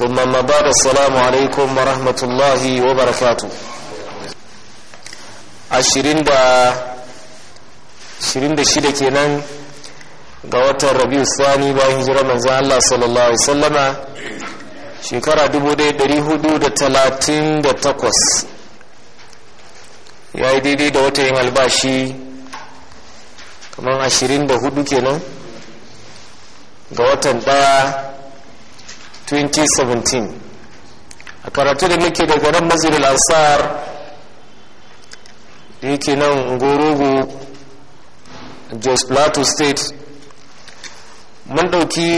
ثم da بعد السلام عليكم ورحمة الله وبركاته ashirin da shida kenan ga watan rabiu sani bayan jira manzan Allah sallallahu Alaihi sallama shekara 1438 ya yi daidai da wata yin albashi kamar ashirin da hudu kenan ga watan ɗaya. 2017 a karatu da muke da garin maziril ansar da yake nan gorogo jos plateau state mun ɗauki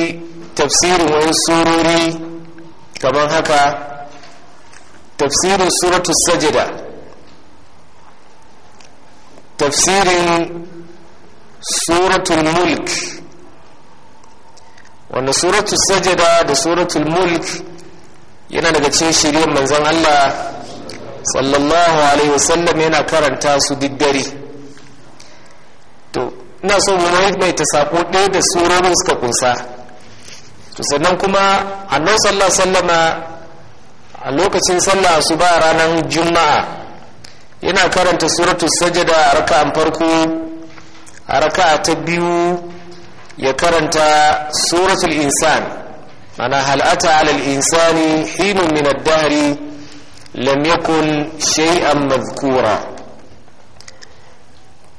tafsirin wani surori kamar haka tafsirin suratu sajida tafsirin suratul mulk wanda suratu sajada da suratu mulk yana daga cikin shirin manzon Allah sallallahu alaihi wasallam yana karanta su diddare to ina so mu mai ta sako ɗaya da surorin suka kunsa to sannan kuma annabi sallallahu alaihi wasallama a lokacin sallah asuba ranar juma'a yana karanta suratu sajada a raka'an farko a raka'a ta biyu ya karanta suratul insan mana hal'ata alal insani hinun min ad-dahri lam yakun shay'an madhkura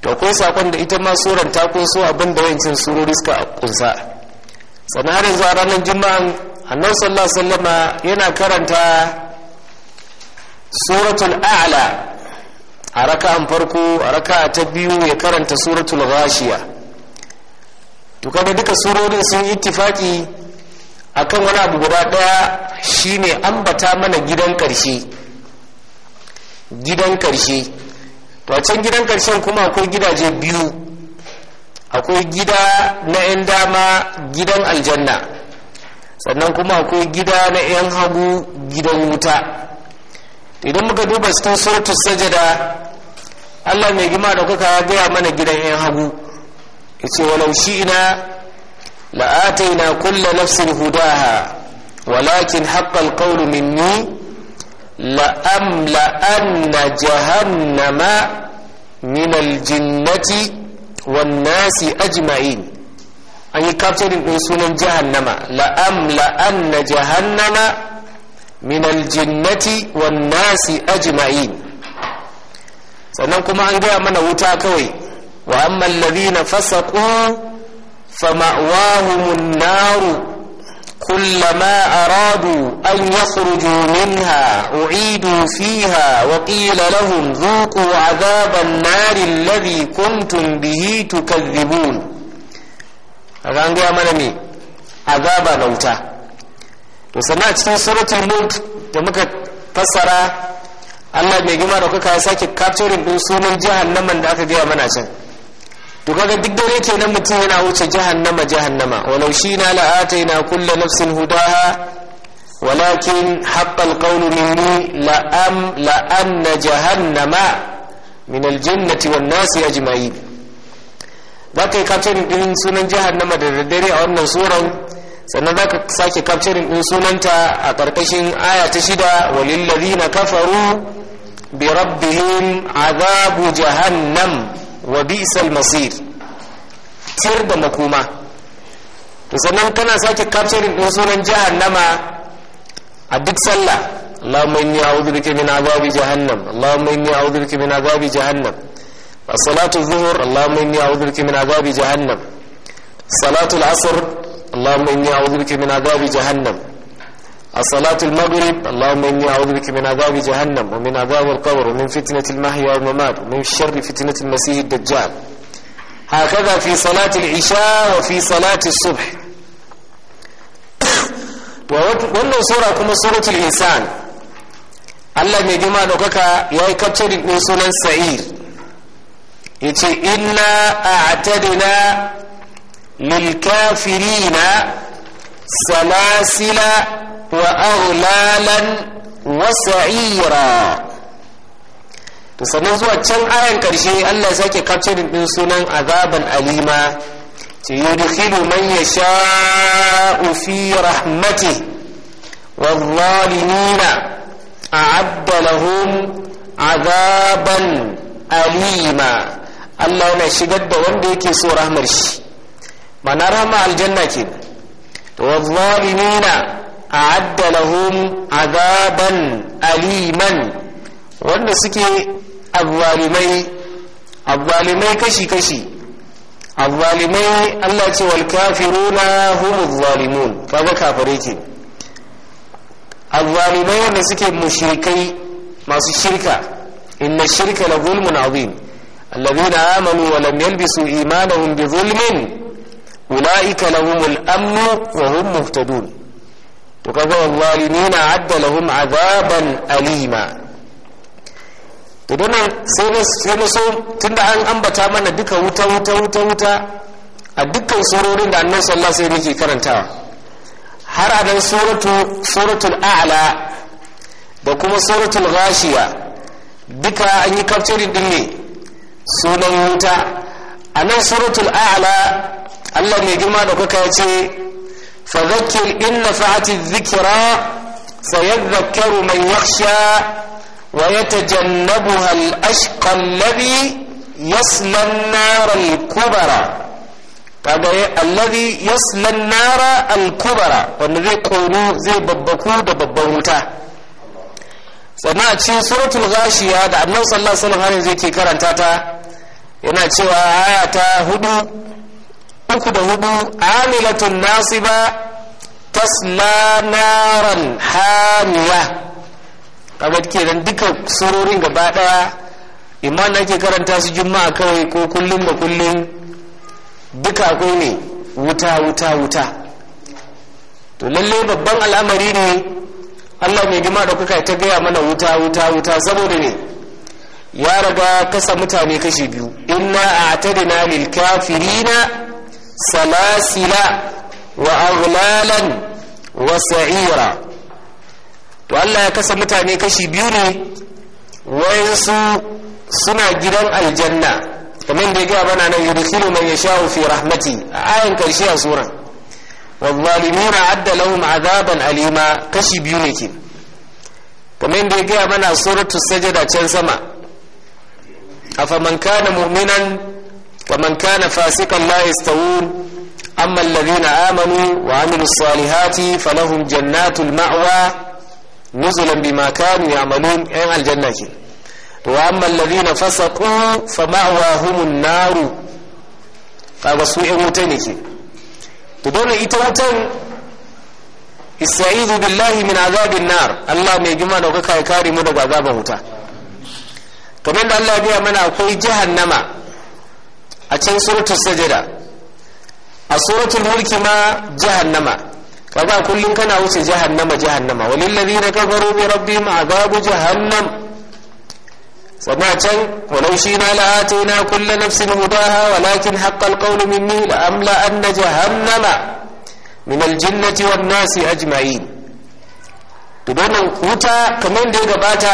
to ko sakon da ita ma suran ta kunso abin da yancin surori suka kunsa sanar zuwa ranar juma'an annabi sallallahu alaihi wasallama yana karanta suratul a'la a raka'an farko a raka'a ta biyu ya karanta suratul ghashiyah to kaga duka surorin sun a akan wani abu guda daya shine ambata mana gidan karshe gidan karshe to a can gidan karshen kuma akwai gidaje biyu akwai gida na 'yan dama gidan aljanna sannan kuma akwai gida na 'yan hagu gidan wuta idan muka duba cikin sautus sajada allah mai gima da kuka gaya mana gidan 'yan hagu yace walau shi'na la'ataina kulla nafsin hudaha walakin haqqal qawlu minni لأملأن جهنم من الجنة والناس أجمعين an yi kaftarin ɗin sunan jahannama la'am la'an na jahannama min aljinnati wan nasi ajma'in sannan kuma an gaya mana wuta kawai wa amma alladhina fasaqu fama'wahum an-nar كلما أرادوا أن يخرجوا منها أعيدوا فيها وقيل لهم ذوقوا عذاب النار الذي كنتم به تكذبون أغانقوا أمنمي عذاب نوتا وسمع cikin suratul mulk da muka fassara Allah mai gima da kuka ya sake capturing ɗin sunan jahannaman da aka gaya mana can to kaga duk dare kenan mutum yana wuce jahannama jahannama walau shi na la'ataina kulle nafsin hudaha walakin haqqal qawlu minni la'am na jahannama min aljannati wan nasi ajma'in za ka yi kafcirin ɗin sunan jahannama da daddare a wannan suran sannan za ka sake kafcirin ɗin sunanta a ƙarƙashin aya ta shida walillazina kafaru bi rabbihim azabu jahannam wa bi'sal masir tir da makoma to sannan kana sake capturing din sunan jihar nama. a duk sallah Allahumma inni a'udhu bika min adhabi jahannam Allahumma inni a'udhu bika min adhabi jahannam as-salatu adh-dhuhr Allahumma inni a'udhu bika min adhabi jahannam salatu al-'asr Allahumma inni a'udhu bika min adhabi jahannam الصلاة المغرب اللهم إني أعوذ بك من عذاب جهنم ومن عذاب القبر ومن فتنة المحيا والممات ومن شر فتنة المسيح الدجال هكذا في صلاة العشاء وفي صلاة الصبح wannan سورة كما سورة الإنسان Allah mai girma daukaka ya yi kaftarin ɗin sunan sa'ir وأغلالا وسعيرا to sannan zuwa can ayan karshe Allah ya sake capturing din sunan azaban alima ce yudkhilu man yasha'u fi rahmati والظالمين أعد لهم عذابا alima. Allah yana shigar da wanda yake so rahmar shi ma'ana rahama aljanna ke da wazalimina a'adda a azaban aliman wanda suke azzalimai kashi kashi azzalimai Allah ce wal kafiruna humuz zalimun kaga kafare ke azzalimai wanda suke mushrikai masu shirka inna shirka la azim الذين آمنوا ولم يلبسوا إيمانهم بظلم أولئك لهم الأمن وهم مهتدون to kaga zalimina adda lahum azaban alima to dana sai sai na so tunda an ambata mana duka wuta wuta wuta a dukkan surorin da annabi sallallahu alaihi wasallam yake karantawa har a dan suratu suratul da kuma suratul ghashiya duka an yi kafcirin din ne sunan wuta a nan suratul a'la Allah mai girma da kuka ya ce فذكر إن نفعت الذكرى سيذكر من يخشى ويتجنبها الأشقى الذي يصلى النار الكبرى هذا طيب، الذي يصلى النار الكبرى والذي ذي قولوا ذي ببكو ببوتا فما أتشي سورة الغاشية هذا أبنى صلى الله عليه وسلم هذه ذي كي كرن تاتا إن أتشي هدو uku da hudu amilatun nasiba tasla naran hamiya kaga kenan duka surorin gaba daya imam nake karanta su juma'a kawai ko kullum da kullum duka akwai ne wuta wuta wuta to lalle babban al'amari ne Allah mai gima da kuka ta gaya mana wuta wuta wuta saboda ne ya raga kasa mutane kashi biyu inna tadina lil kafirina سلاسل وأغلالا وسعيرا والله يكسب متعني كشي بيوني وينسو سنع جدن الجنة kamar da ya gaya bana nan yudkhilu man yasha'u fi rahmati a ayan karshe a suran wal zalimuna adda lahum adaban alima kashi biyu ne kamar da ya gaya bana suratu sajada can sama a famanka kana mu'minan ومن كان فاسقا لا يستوون أما الذين آمنوا وعملوا الصالحات فلهم جنات المأوى نزلا بما كانوا يعملون أين الجنة وأما الذين فسقوا فمأواهم النار فبسوء موتنك تدون إتوتن استعيذ بالله من عذاب النار الله ما يجمع نوكا يكاري مدى عذاب موتا كمان الله بيا منا أقول جهنم a can suratul sajada a suratul mulki ma jahannama kaga kullum kana wuce jahannama jahannama walil ladina kafaru bi rabbihim adabu jahannam sannan can walau shi na ina kulla nafsin hudaha walakin haqqal qawlu minni la amla anna jahannama min aljinnati wan nasi ajma'in to wannan huta kamar da ya gabata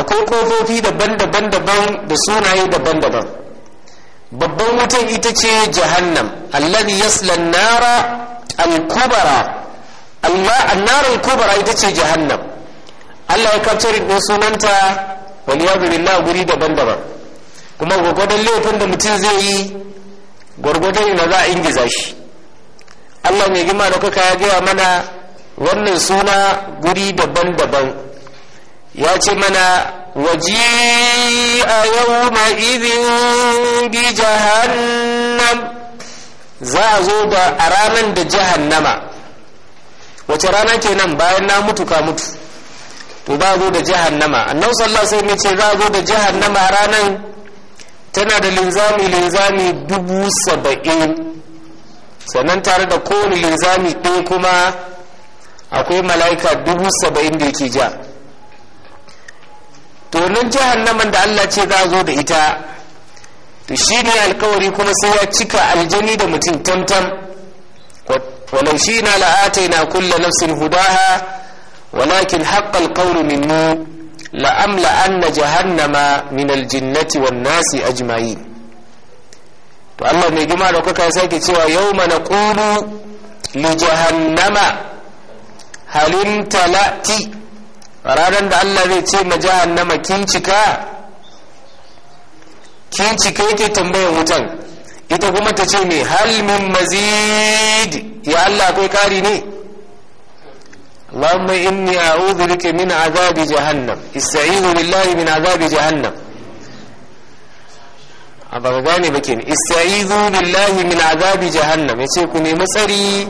akwai kofofi daban-daban daban da sunaye daban-daban babban wutan ita ce jahannam allani yaslan nara al amma an al ita ce jahannam Allah ya kafcari din sunanta wal yadu guri daban-daban kuma gwagwadon laifin da mutum zai yi gwagwadon na za a ingiza shi Allah mai gima da kuka ya gaya mana wannan suna guri daban-daban ya ce mana وجيء يومئذ بجهنم za a zo da a ranar da jahannama wace rana kenan bayan na mutu ka mutu to ba zo da jahannama annabi sallallahu alaihi wasallam ce za a zo da jahannama ranar tana da linzami linzami dubu saba'in sannan tare da kowane linzami ɗaya kuma akwai mala'ika dubu saba'in da yake ja to nan jahannaman da Allah ce za zo da ita to shi ne alkawari kuma sai ya cika aljani da mutum tantam walau shi na la'atai na kulla nafsin hudaha walakin haƙƙal ƙauru minnu la'amla an na jahannama min aljinnati wan nasi ajma'i to Allah mai gima da kuka sake cewa yau mana ƙulu li jahannama halin talati ranar da Allah zai ce ma jahannama kin cika kin cika yake tambayan wutan ita kuma ta ce mai halmin mazid ya Allah akwai kari ne Allahumma inni a'udhu bika min azabi jahannam ista'idhu billahi min azabi jahannam a ba gane ba ke ista'idhu billahi min azabi jahannam yace ku nemi tsari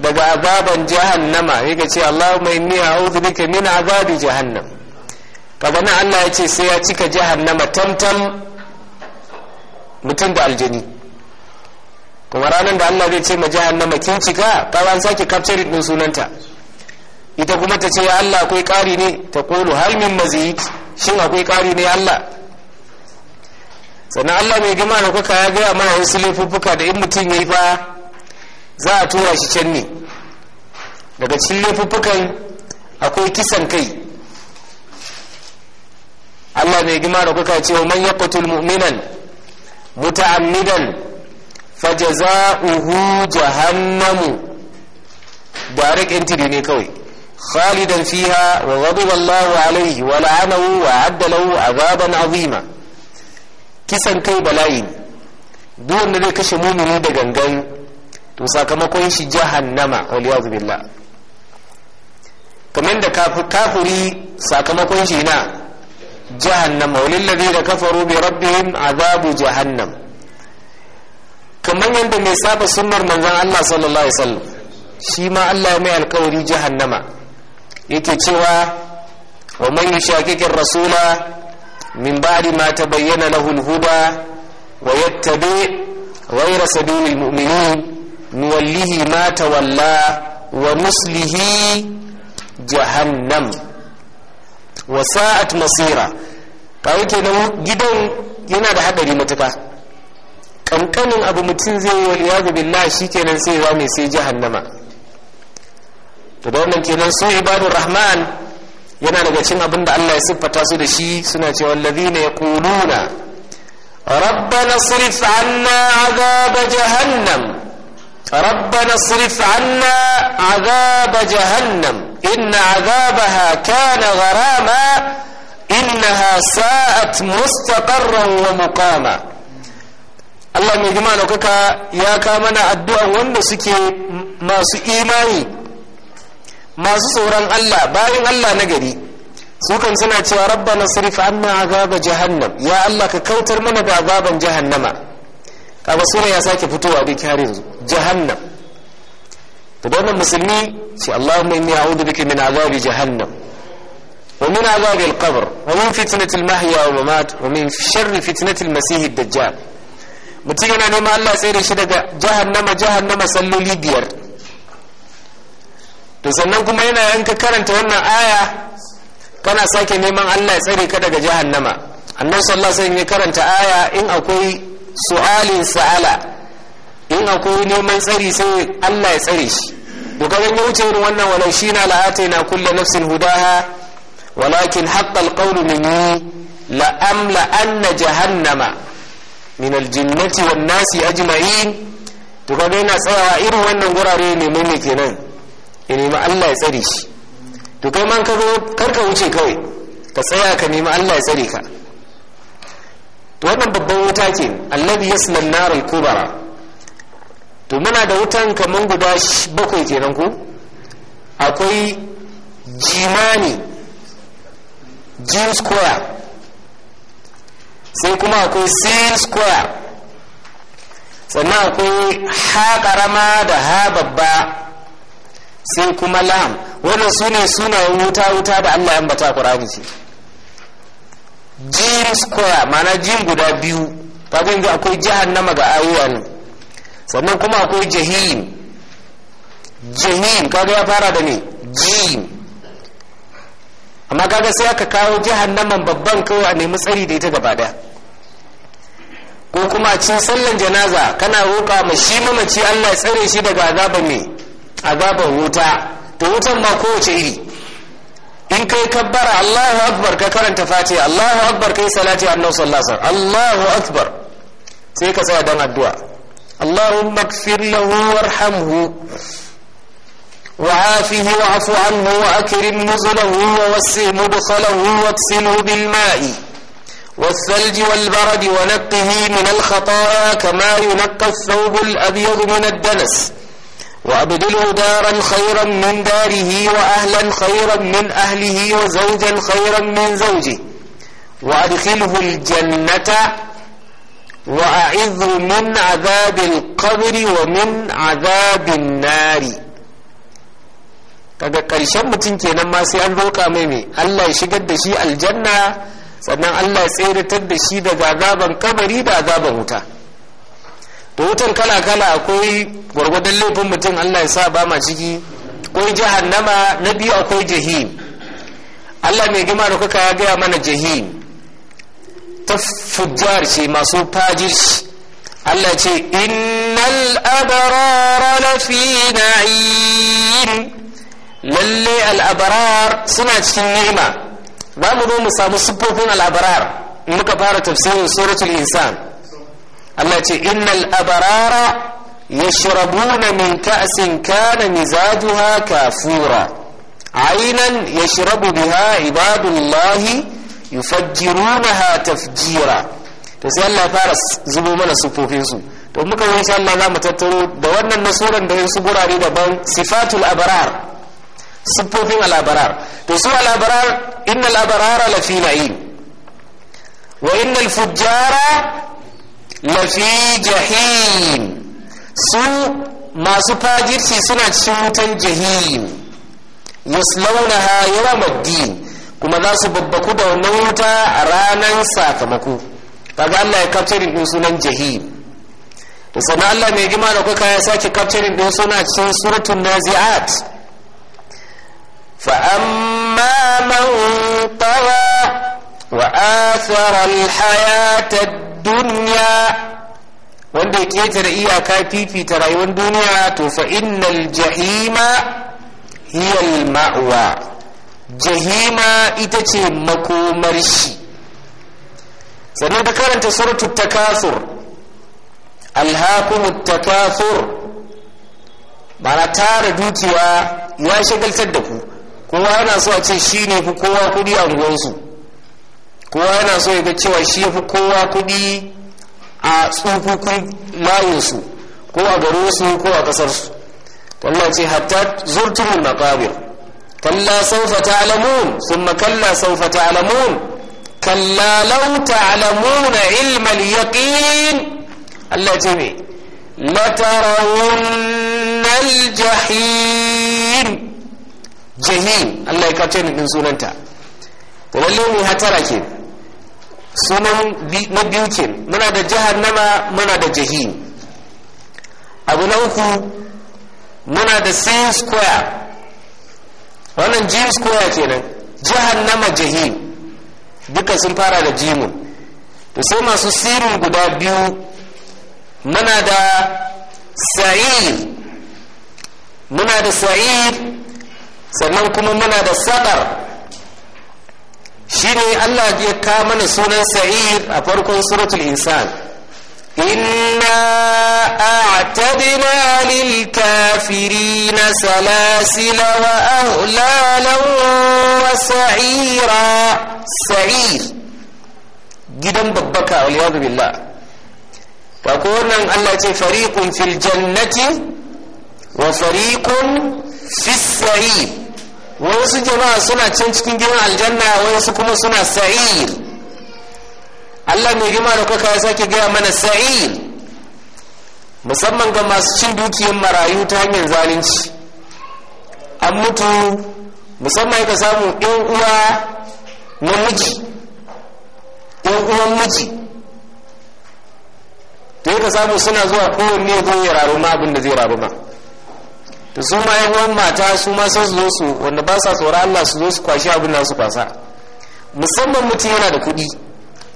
daga azaban jahannama ya ga ce Allahumma inni a'udhu bika min azabi jahannam kaga na Allah ya ce sai ya cika jahannama tamtam mutum da aljani kuma ranar da Allah zai ce ma jahannama kin cika kaga sake kafcari din sunanta ita kuma ta ce ya Allah akwai ƙari ne ta kulu har min mazi shin akwai ƙari ne Allah sannan Allah mai gama da kuka ya gaya mana wasu laifuffuka da in mutum ya yi fa za a tura shi can ne daga cikin laifuffukan akwai kisan kai Allah mai gima da kuka cewa man ya fatul mu'minan muta'ammidan fajaza'uhu jahannamu direct entry ne kawai khalidan fiha wa ghadiba Allahu alayhi wa la'anahu wa adda lahu azaban azima kisan kai bala'i duk wanda zai kashe mumini da gangan to sakamakon shi jahannama waliyazu billah kamar da kafuri sakamakon shi na jahannama walillazi da kafaru bi rabbihim azabu jahannam kamar yadda mai saba sunnar manzon Allah sallallahu alaihi wasallam shi ma Allah mai alkawari jahannama yake cewa wa man yushaqiqir rasula min ba'di ma tabayyana lahu al-huda wa yattabi ghayra sabilil mu'minin nuwallihi ma tawalla wa nuslihi jahannam wa sa'at masira kawai kenan gidan yana da haɗari matuka kankanin abu mutum zai yi waliyadu billah shikenan sai ya mai sai jahannama to da wannan kenan su ibadur rahman yana daga cin abin da Allah ya siffata su da shi suna cewa allazina yaquluna rabbana sirif anna azaba jahannam ربنا اصرف عنا عذاب جهنم إن عذابها كان غراما إنها ساءت مستقرا ومقاما الله من جمال وكك يا كامنا الدعاء ونسكي ما سئيماني ما سسورا الله باين الله نجري سوكا سنة يا ربنا صرف عنا عذاب جهنم يا الله ككوتر من بعذاب جهنما kaga sura ya sake fitowa dai har yanzu jahannam to wannan musulmi ce Allahumma inni a'udhu bika min azabi jahannam wa min azabi al-qabr wa min fitnati al-mahya wa mamat wa min sharri fitnati al-masih ad-dajjal mutum yana neman Allah sai da shi daga jahannama jahannama salloli biyar to sannan kuma yana yanka karanta wannan aya kana sake neman Allah ya tsare ka daga jahannama annabi sallallahu alaihi wasallam ya karanta aya in akwai su'alin sa'ala in akwai neman tsari sai Allah ya tsare shi to ga ya wuce irin wannan walau shi na na kulle nafsin hudaha walakin haqqal qawlu minni la amla anna jahannama min aljinnati wa nasi ajma'in to ga yana tsayawa irin wannan gurare ne mai kenan ya nemi Allah ya tsare shi to kai man karka wuce kawai ka tsaya ka nemi Allah ya tsare ka to wannan babban wuta ce alladhi yaslan nar al-kubra to muna da wutan kaman guda bakwai kenan ku akwai jimani jim square sai kuma akwai sin square sannan akwai ha karama da ha babba sai kuma lam wannan sune sunayen wuta wuta da allah ya ambata a ce jim square mana jim guda biyu kaga yanzu akwai jahannama ga ne sannan kuma akwai jahim jahim kaga ya fara da ne jim amma kaga sai aka kawo jahannaman babban kawai a nemi tsari da ita gaba da ko kuma cin sallan janaza kana roƙa ma shi mamaci Allah ya tsare shi daga azaban ne azaban wuta ta wutan ma kowace iri إن كي كبر الله أكبر ككر أنت فاتي الله أكبر كي سلاتي عن نوص الله صلى الله أكبر سيكا سيدنا الدعاء اللهم اغفر له وارحمه وعافه واعف عنه وأكرم نزله ووسه مدخله واغسله بالماء والثلج والبرد ونقه من الخطايا كما ينقى الثوب الأبيض من الدنس وأبدله دارا خيرا من داره وأهلا خيرا من أهله وزوجا خيرا من زوجه وأدخله الجنة وأعذه من عذاب القبر ومن عذاب النار kaga karshen mutum kenan ma sai an roƙa mai mai Allah ya shigar da shi aljanna sannan Allah ya tseratar da shi daga azaban kabari da azaban wuta to wutan kala kala akwai gwargwadon laifin mutum allah ya sa ba ma ciki akwai jahannama na biyu akwai jahim allah mai gima da kuka ya gaya mana jahim ta fujjar ce masu fajish allah ce innal abarara lafi na'im lalle al'abarar suna cikin nema ba mu zo mu samu siffofin al'abarar muka fara tafsirin suratul insan Allah ce innal abarara yashrabuna min ka'sin kana mizajuha kafura aynan yashrabu biha ibadullahi yufajjirunaha tafjira to sai Allah fara zubo mana sufofin su to muka yi insha Allah zamu tattaro da wannan nasuran da su gurare daban sifatul abarar sufofin al-abrar to su al-abrar innal abarara lafi na'im wa innal fujjara lafi jahim su masu fajirci suna cikin wutan jahim ha yawa maddin kuma za su babbaku da wannan wuta a ranar sakamako kaga Allah ya capturing din sunan jahim da sana Allah mai gima da kuka ya sake capturing ɗin suna cikin suratun nazi'at fa amma man tawa وآثر الحياة الدنيا wanda ya ƙetare iyaka fifita rayuwar duniya to fa innal jahima hiyal ma'wa jahima ita ce makomar shi sannan da karanta suratu takasur alhakumut takasur mana tara dukiya ya shagaltar da ku kowa yana so a ce shine ku kowa kudi a unguwarsu kowa yana so ya ga cewa shi fi kowa kuɗi a tsofaffi layinsu ko a garinsu ko a ƙasarsu Allah ce hatta na ƙabir. kalla ta ta'lamun thumma kalla ta ta'lamun kalla ta ta'lamuna na al yaƙin. Allah ce me la tarawunna al Allah ya kace ni din sunanta to lalle ne hatara ke sunan na biyu ke muna da jihar nama muna da jihi abu na uku muna da sin square wannan jim square kenan nama jihi duka sun fara da jimun to sai masu sirin guda biyu muna da sa'ir muna da sa'ir sannan kuma muna da sadar shine Allah ya ka mana sunan sa'ir a farkon suratul insan inna a'tadna lil kafirin salasila wa ahlalan wa sa'ira sa'ir gidan babbaka waliyadu billah ba ko wannan Allah ce fariqun fil jannati wa fariqun fis sa'ir wasu jama'a suna can cikin gidan aljanna wasu kuma suna sa'ir Allah mai gima da kuka ya sake gaya mana sa'ir musamman ga masu cin dukiyar marayu ta hanyar zalunci an mutu musamman ka samu ɗan uwa na miji ɗan uwan miji to ka samu suna zuwa kowanne zo ya ma abin da zai raru ma su ma yan uwan mata su ma san su zo su wanda ba sa tsoron Allah su zo su kwashi abin da su kwasa musamman mutum yana da kuɗi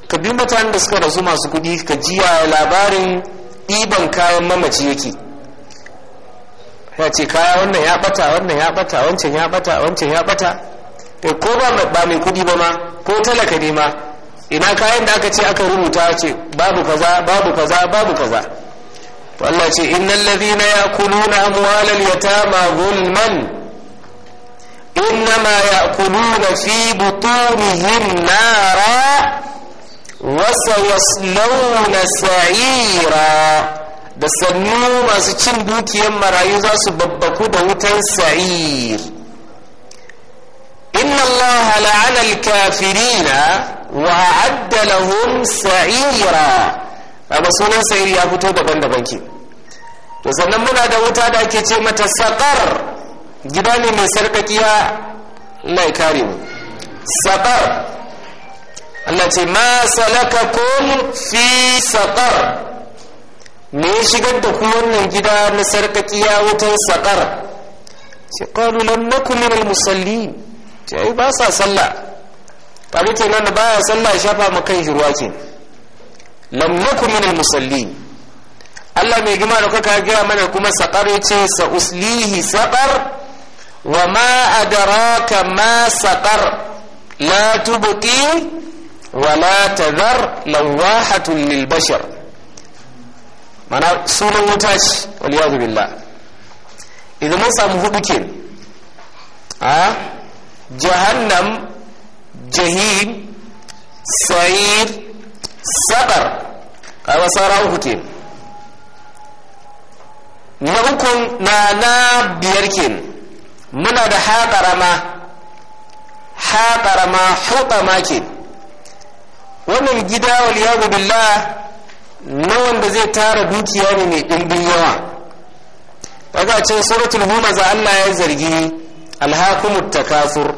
ka bi mutanen da suka rasu masu kuɗi ka jiya labarin ɗiban kayan mamaci yake ya ce kaya wannan ya bata wannan ya bata wancan ya bata wancan ya bata eh, ko ba ba mai kuɗi ba ma ko talaka ne ma ina kayan da aka ce aka rubuta ce babu kaza babu kaza babu kaza Allah ce innal ladhina gulman amwalal yatama zulman innama ya'kuluna fi butunihim nara wa sayaslawna sa'ira da sannu masu cin dukiyar marayu za su babbaku da wutan sa'ir inna Allah la'ana kafirina wa a'adda lahum sa'ira a sunan sa'ir ya fito daban-daban ke to sannan muna da wuta da ake ce mata saƙar gida ne mai sarƙaƙiya mai kare mu saƙar Allah ce ma salaka kun fi saƙar me ya shigar da ku wannan gida na sarƙaƙiya wutan saƙar sai ƙalu lam na kuma al musalli ce ai ba sa sallah ke nan da ya sallah shafa ma kan ke lam nakum min al Allah mai gima da kuka gaya mana kuma saƙar ya ce sa uslihi saƙar wa ma adaraka ma saƙar la tubuki wa la tazar lawahatun lil bashar mana sunan wuta ce waliyazu billah idan mun samu hudu ke a jahannam jahim sa'ir saƙar kaga sara uku na uku na na biyar ke muna da haƙarama haƙarama ma ke wannan gida waliyagu billah na wanda zai tara dukiya ne mai ɗimbin yawa daga ce suratul za Allah ya zargi alhakumut takasur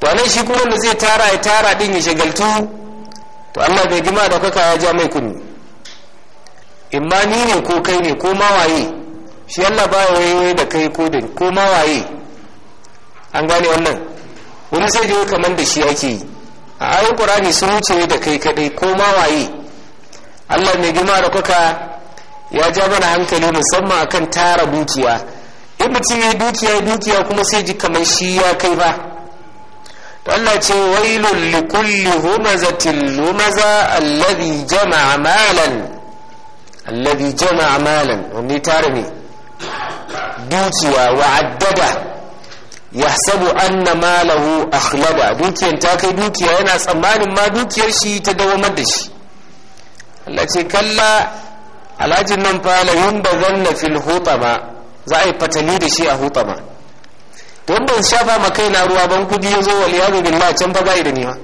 to nan shi kuma wanda zai tara ya tara din ya shagaltu to Allah bai gima da kaka ya ja mai kunni in ba ni ne ko kai ne ko mawaye shi Allah ba waye da kai ko da ko ma waye an gane wannan wani sai da kamar da shi ake yi a ayin qur'ani sun wuce da kai kadai ko ma waye Allah ne gima da kuka ya ja mana hankali musamman akan tara dukiya in mutum ya dukiya dukiya kuma sai ji kamar shi ya kai ba to Allah ce wailul kulli humazatin lumaza alladhi jama'a malan alladhi jama'a malan wani tara ne dukiya wa addada ya sabu anna malahu akhlada dukiyar ta kai dukiya yana tsammanin ma dukiyar shi ta dawamar da shi Allah ce kalla alhajin nan fa la yunbazanna fil hutama za a yi fatali da shi a hutama don ban shafa ma kai na ruwa ban kudi ya zo wal yadu billah can fa bai da ni ma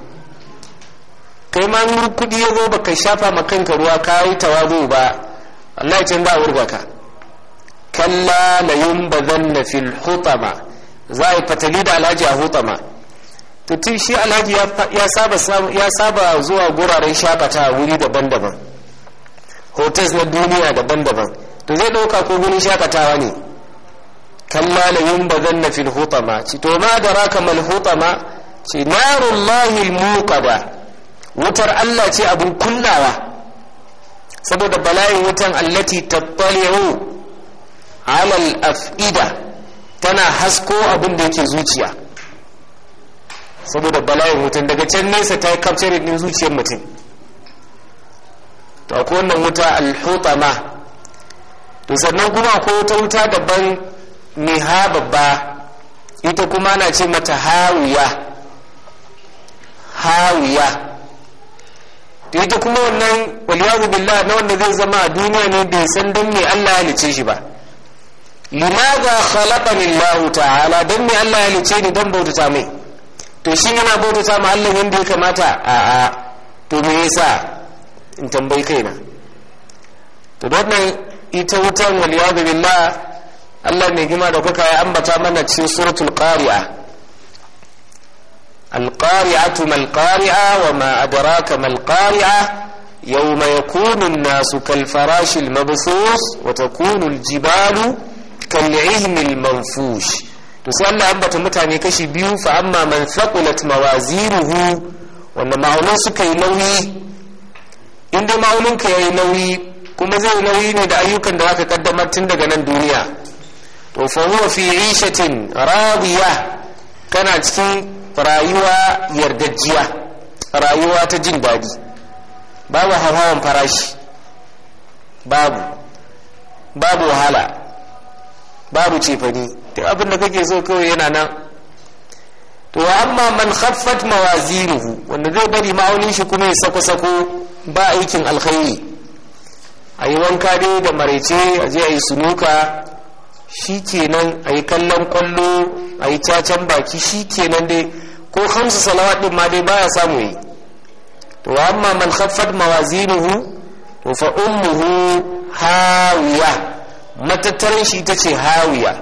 kai ma kudi ya zo baka shafa ma kanka ruwa ka yi tawazu ba Allah ya can ba ka. kalla la yumbazanna fil hutama za a yi fatali da alhaji a hutama to tun shi alhaji ya saba zuwa guraren shakata wuri daban-daban hotels na duniya daban-daban to zai dauka ko wurin shakatawa ne kalla la yumbazanna fil hutama ci to ma daraka mal hutama ci narullahi muqada wutar Allah ce abun kullawa saboda bala'in wutan allati tattali'u alal af'ida tana hasko abin da yake zuciya saboda bala'in mutum daga can nesa ta yi kafcirin din zuciyar mutum to akwai wannan wuta ma to sannan kuma ko wata wuta daban mai ha babba ita kuma na ce mata hawiya hawiya to ita kuma wannan waliyar zubin na wanda zai zama a duniya ne bai san don mai Allah ya lice shi ba limaza khalaqa min Allah ta'ala dan me Allah ya lice ni dan bautata mai to shin yana bautata ma Allah yanda ya kamata a a to me yasa in tambayi kaina to wannan ita wutan wal yadu billah Allah mai gima da kuka ya ambata mana cikin suratul qari'a القارعة ما القارعة وما أدراك ما القارعة يوم يكون الناس كالفراش المبثوث وتكون الجبال كالعهن المنفوش to sai Allah ambata mutane kashi biyu fa amma man thaqulat mawazinuhu wanda ma'aunin suka yi nauyi inda ma'aunin ka yayi nauyi kuma zai nauyi ne da ayyukan da zaka kaddamar tun daga nan duniya to fa huwa fi 'ishatin radiya kana cikin rayuwa yardajjiya rayuwa ta jin dadi babu hawan farashi babu babu wahala babu cefani duk abin da kake so kawai yana nan to amma man khaffat mawazinuhu wanda zai bari ma'aunin shi kuma ya sako-sako ba aikin alkhairi a yi wanka dai da maraice a je a yi sunuka shikenan kenan a yi kallon kwallo a yi cacan baki shi dai ko hamsu salawat din ma dai baya samu yi to amma man khaffat mawazinuhu to fa ummuhu hawiya matattarin shi ta ce hawiya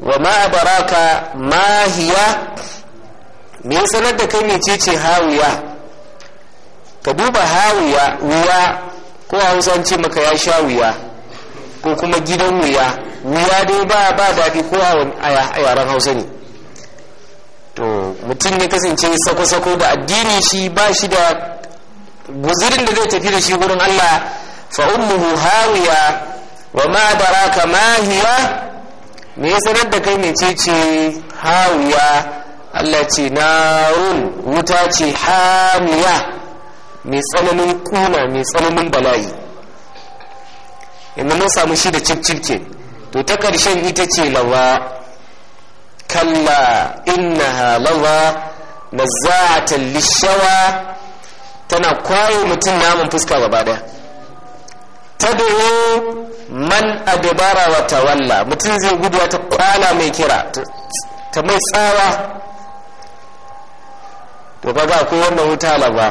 wa ma'abaraka mahiya me sanar da kai mece ce ce hawiya ka duba hawiya wuya ko hausance maka ya sha wuya ko kuma gidan wuya wuya dai ba ba daɗi ko a yaren hausa ne to mutum ya kasance sako-sako da addini shi ba shi da guzirin da zai tafi da shi wurin allah faummuhu hawuya. hawiya wa ma baraka ma hiya me ya sanar da kai ce hawiya Allah ce narun wuta ce hamiya mai tsananin kuna mai tsananin bala'i inda mun samu shi da cif to ta karshen ita ce lawa kalla innaha lawa nazza'atan lishawa tana kwayo mutum namun fuska gaba daya tad'u man adbara wa tawalla mutum zai gudu ta kwala mai kira ta mai tsawa to kaga ko wannan wuta laba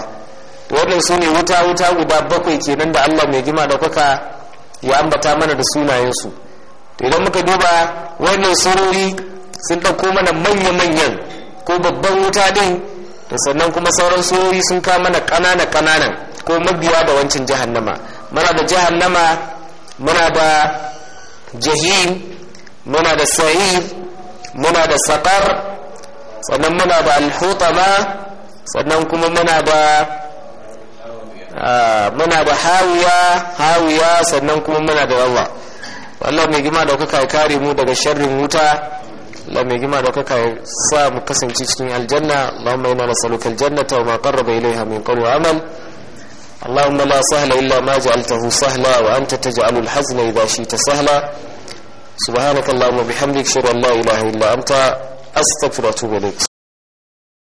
to wannan su ne wuta wuta guda bakwai kenan da Allah mai jima da kuka ya ambata mana da sunayensu to idan muka duba wannan sururi sun ɗauko mana manya-manyan ko babban wuta din da sannan kuma sauran sururi sun kama mana ƙanana-ƙananan ko mabiya da wancin jahannama muna da jahannama muna da jahim muna da sa'ir muna da saƙar sannan muna da alhutama sannan kuma muna da ah, muna da hawiya hawiya sannan kuma muna da wawa Allah mai gima da kuka kare mu daga sharrin wuta Allah mai gima da kuka sa mu kasance cikin aljanna Allahumma inna nas'aluka aljannata wa ma qarraba ilayha min qawli amal اللهم لا سهل إلا ما جعلته سهلا وأنت تجعل الحزن إذا شئت سهلا سبحانك اللهم وبحمدك شر الله إله إلا أنت أستغفر وأتوب إليك